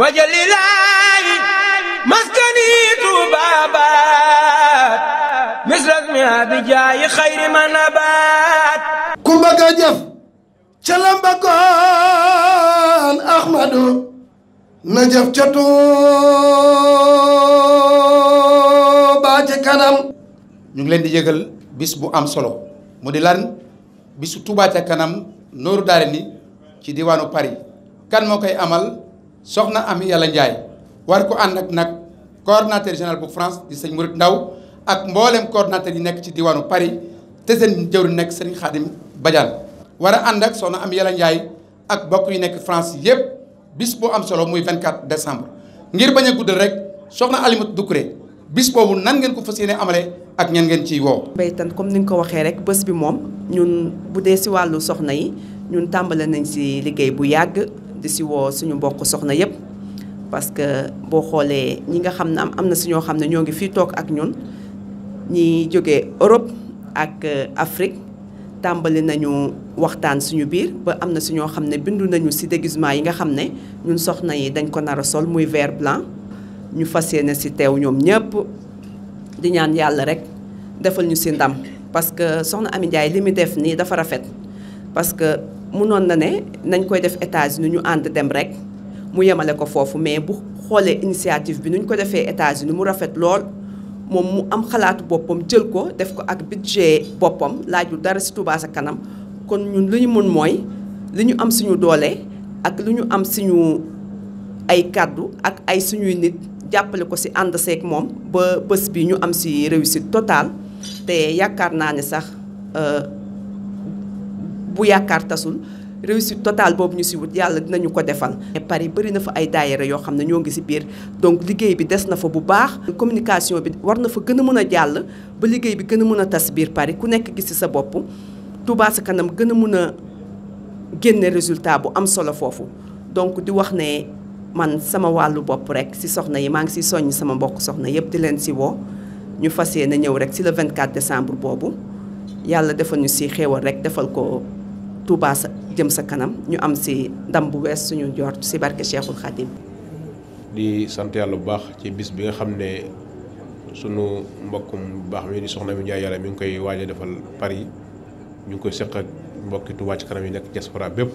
wajalilaayi maskani tuubaabaat misras mi abijaayi xayri ma nabaat ku bëgg jëf ca lambakoon Ahmadu na jëf ca Tuubaa kanam ñu ngi leen di yëgal bis bu am solo mu di lan bisu Tuubaa ca kanam nooru daare ni ci diwaanu Paris kan moo koy amal soxna Ami Yàlla Njaay war ko ànd ak nag coordonnateur général bu France di sëñ Murit Ndaw ak mboolem coordonnateur yi nekk ci diwaanu Paris te seen jëwri nekk sëñ Xaadim Badiane war a ànd ak soxna am Yàlla Njaay ak bokk yu nekk France yëpp bis boo am solo muy 24 décembre ngir bañ a guddal rek soxna Alimatu Dukuré bis boobu nan ngeen ko fas yéene amale ak ñeen ngeen ciy woo. baytan comme ni nga ko waxee rek bés bi moom ñun bu dee si wàllu soxna yi ñun tàmbale nañ si liggéey bu yàgg. di si woo suñu mbokk soxna yëpp parce que boo xoolee ñi nga xam ne am am na si ñoo xam ne ñoo ngi fii toog ak ñun ñi jóge Europe ak euh, Afrique tàmbali nañu waxtaan suñu biir ba am na si ñoo xam ne bindu nañu si déguisement yi nga xam ne ñun soxna yi dañ ko nar a sol muy vert blanc ñu fas yéene si teew ñoom ñëpp di ñaan yàlla rek defal ñu si ndam parce que soxna Ami Ndiaye li muy def nii dafa rafet parce munoon na ne nañ koy def États-Unis ñu ànd dem rek mu yemale ko foofu mais bu xoolee initiative bi nuñ ko defee États-Unis mu rafet lool moom mu am xalaatu boppam jël ko def ko ak budget boppam laajul dara si Touba sa kanam kon ñun li ñu mën mooy li ñu am suñu doole ak li ñu am suñu ay kàddu ak ay suñuy nit jàppale ko si ànd seeg moom ba bës bi ñu am ci réussite totale te yaakaar naa ne sax. Euh, bu yaakaar tasul réussite totale boobu ñu si wut yàlla dinañu ko defal. Paris bari na fa ay daayira yoo xam ne ñoo ngi si biir donc liggéey bi des na fa bu baax. communication bi war na fa gën a mën a jàll ba liggéey bi gën a mën a tas biir Paris ku nekk gis si sa bopp Touba sa Kanam gën a mën a génne résultat bu am solo foofu donc di wax ne man sama wàllu bopp rek si soxna yi maa ngi si soññ sama mbokk soxna yëpp di leen si woo ñu fas yéene ñëw rek si le 24 décembre boobu yàlla defal ñu si xéewal rek defal ko. Touba sa jëm sa kanam ñu am si ndam bu wees suñu njort si barke Cheikhul Khadim. di sant yàlla bu baax ci bis bi nga xam ne suñu mbokkum bu baax mi di soxna mi Ndiaye yàlla mi ngi koy waaj defal Paris ñu ngi koy seq ak mbokki Touba yi nekk diaspora bépp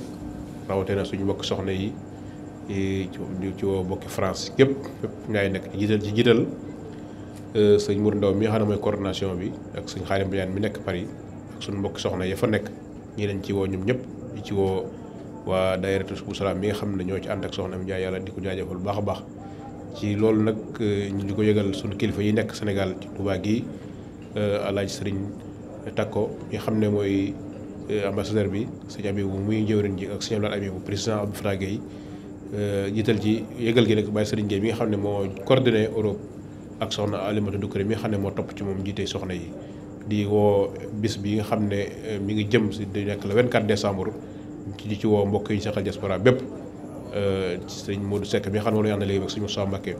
rawatina suñu mbokk soxna yi ci woo mbokki France képp fépp nekk ci jiital ci jiital euh, sëñ Mour Ndaw mi nga xam ne mooy coordination bi ak suñu xaalim bi mi nekk Paris ak suñu mbokki soxna yi fa nekk. ñi leen ci woo ñoom ñëpp di ci woo waa daayiratu Subul Salaam mi nga xam ne ñoo ci ànd ak soxna jaay yàlla di ko jaajëfal bu baax baax ci loolu nag euh, ñu di ko yëgal suñu kilifa yi nekk Sénégal ci Touba gi euh, alaaj sëriñ Takko mi xam ne mooy euh, ambassadeur bi sëñ Abibou muy jëwriñ ji ak sëñ Abdoulaye Abibou président Abdou Fatah Gueye jiital ci yëgal gi nag Baye Serigne Gueye mi nga xam ne moo coordonné Europe ak soxna Alimatou Doucouré mi nga xam ne moo topp ci moom jiite soxna yi di woo bis bi nga xam ne euh, mi ngi jëm si di nekk le 24 décembre di ci woo mbokk yi seqal diaspora bépp euh, sëñ Modou Seck mi nga xam ne moom la ñu àndalee ak suñu Moussa Mbacké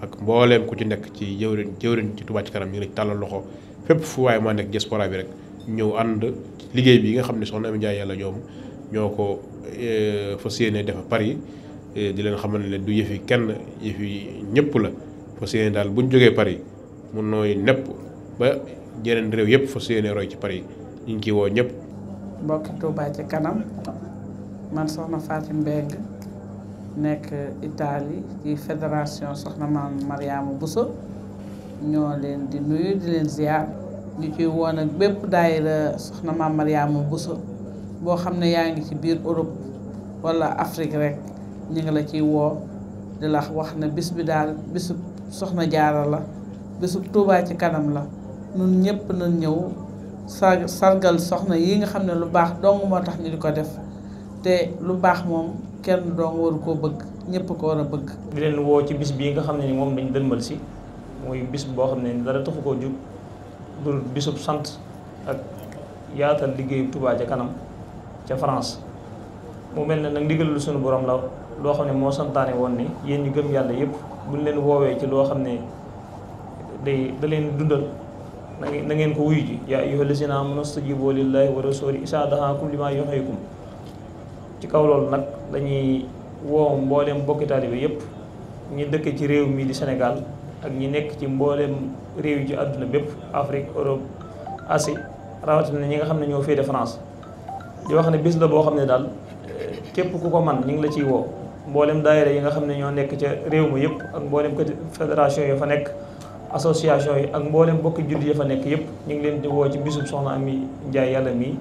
ak mbooleem ku ci nekk ci jëwriñ jëwriñ ci Touba ci kanam mi ngi la loxo fépp fu waaye maa nekk diaspora bi rek ñëw ànd liggéey bi nga xam ne soxna Amy jaay yàlla ñoom ñoo ko euh, fas yéene def Paris di leen xamal ne du yëfi kenn yëfi ñëpp la fas yéene daal bu ñu jógee Paris mun nooy nepp ba. yeneen réew yëpp fas yéene roy ci Paris ñu ngi ciy woo ñëpp. mbokki Touba ci kanam man soxna Fatim Mbeng nekk Italie ci fédération soxna maam Mariama Bousso ñoo leen di nuyu di leen ziar ñu ciy woon ak bépp daayira soxna maam Mariama Bousso boo xam ne yaa ngi ci biir Europe walla Afrique rek ñu ngi la ciy woo di la wax ne bis bi daal bisu soxna jaara la bisu Touba ci kanam la nun ñëpp nañ ñëw sar sargal soxna yi nga xam ne lu baax dong moo tax ñu di ko def te lu baax moom kenn dong waru koo bëgg ñëpp ko war a bëgg. di leen woo ci bis bii nga xam ne ni moom dañu dënmal si muy bis boo xam ne dara taxu koo jub dul bisub sant ak yaatal liggéeyu Touba ca kanam ca France. mu mel ne nag ndigal sunu borom la loo xam ne moo santaane woon ni yéen ñi gëm yàlla yëpp buñ leen woowee ci loo xam ne day da leen dundal. na ngeen ko wuyu ji yaa ayyuha lazina amanu stajibu lillahi wa rasuli isaa dahaakum limaa yuhyikum ci kaw loolu nag dañuy woo mbooleem bokki taalibe yépp ñi dëkk ci réew mi di Sénégal ak ñi nekk ci mbooleem réew yi ci àdduna bépp Afrique Europe Asie rawatina ñi nga xam ne ñoo féete France di wax ne bis la boo xam ne daal eh, képp ku ko man ñu ngi la ciy woo mbooleem daayira yi nga xam ne ñoo nekk ca réew ma yëpp ak mbooleem fédération yi fa nekk association yi ak mboolem bokki judd ya fa nekk yëpp ñu ngi leen di woo ci bisub soxna Ami Njaay yàlla mii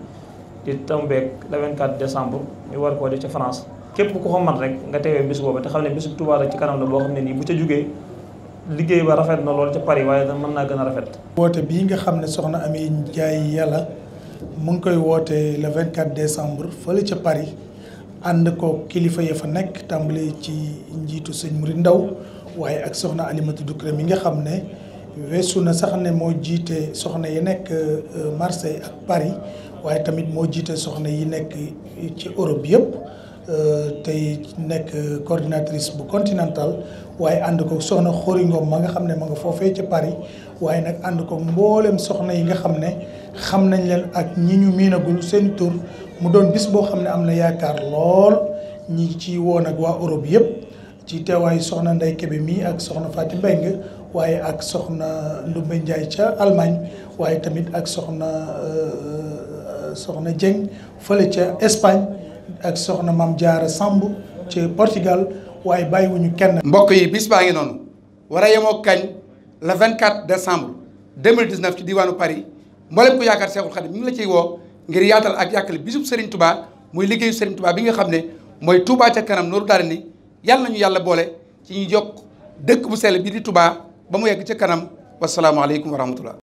di tombeek le 24 décembre ñu war koo def ca France képp ku ko man rek nga teewee bis boobu te xam ne bisub Tuubaa ci kanam la boo xam ne nii bu ca jógee liggéey ba rafet na lool ca Paris waaye da mën naa gën a rafet woote bii nga xam ne soxna Ami Njaay yàlla mu ngi koy wootee woote le 24 décembre fële ca Paris ànd ko kilifa ya fa nekk tàmbale ci njiitu sëñ Mouride Ndaw waaye ak soxna Alimatu Doucouré mi nga xam ne weesu na sax ne moo jiite soxna yi nekk euh, Marseille ak waaye tamit moo jiite soxna yi nekk ci Europe yëpp euh, tey nekk coordinatrice bu continental waaye ànd ko soxna Xori Ngom ma nga xam ne ma nga foofee ca Paris waaye nag ànd ko mbooleem soxna yi nga xam ne xam nañ leen ak ñi ñu miinagul seen tur mu doon bis boo xam ne am na yaakaar lool ñi ci woon ak waa Europe yëpp. ci teewaayu soxna Ndeye Kébé mii ak soxna Fatou Mbengue waaye ak soxna Ndoumbé Ndiaye ca Allemagne waaye tamit ak soxna euh, soxna Dieng fële ca Espagne ak soxna maam Diarra Samb ca Portugal waaye bàyyiwuñu kenn. mbokk yi bis baa ngi noonu war a yemoo kañ le 24 décembre 2019 ci diwaanu Paris mboolem ko yaakaar Seexul Xadim mi ngi la ciy woo ngir yaatal ak yàkkale bisub Serigne tubaa muy liggéeyu Serigne tubaa bi nga xam ne mooy Touba ca kanam nooru daara ni yàlla nañu yàlla boole ci ñu jokk dëkk bu sell bi di Touba ba mu yegg ca kanam wasalaamualeykum wa rahmatullah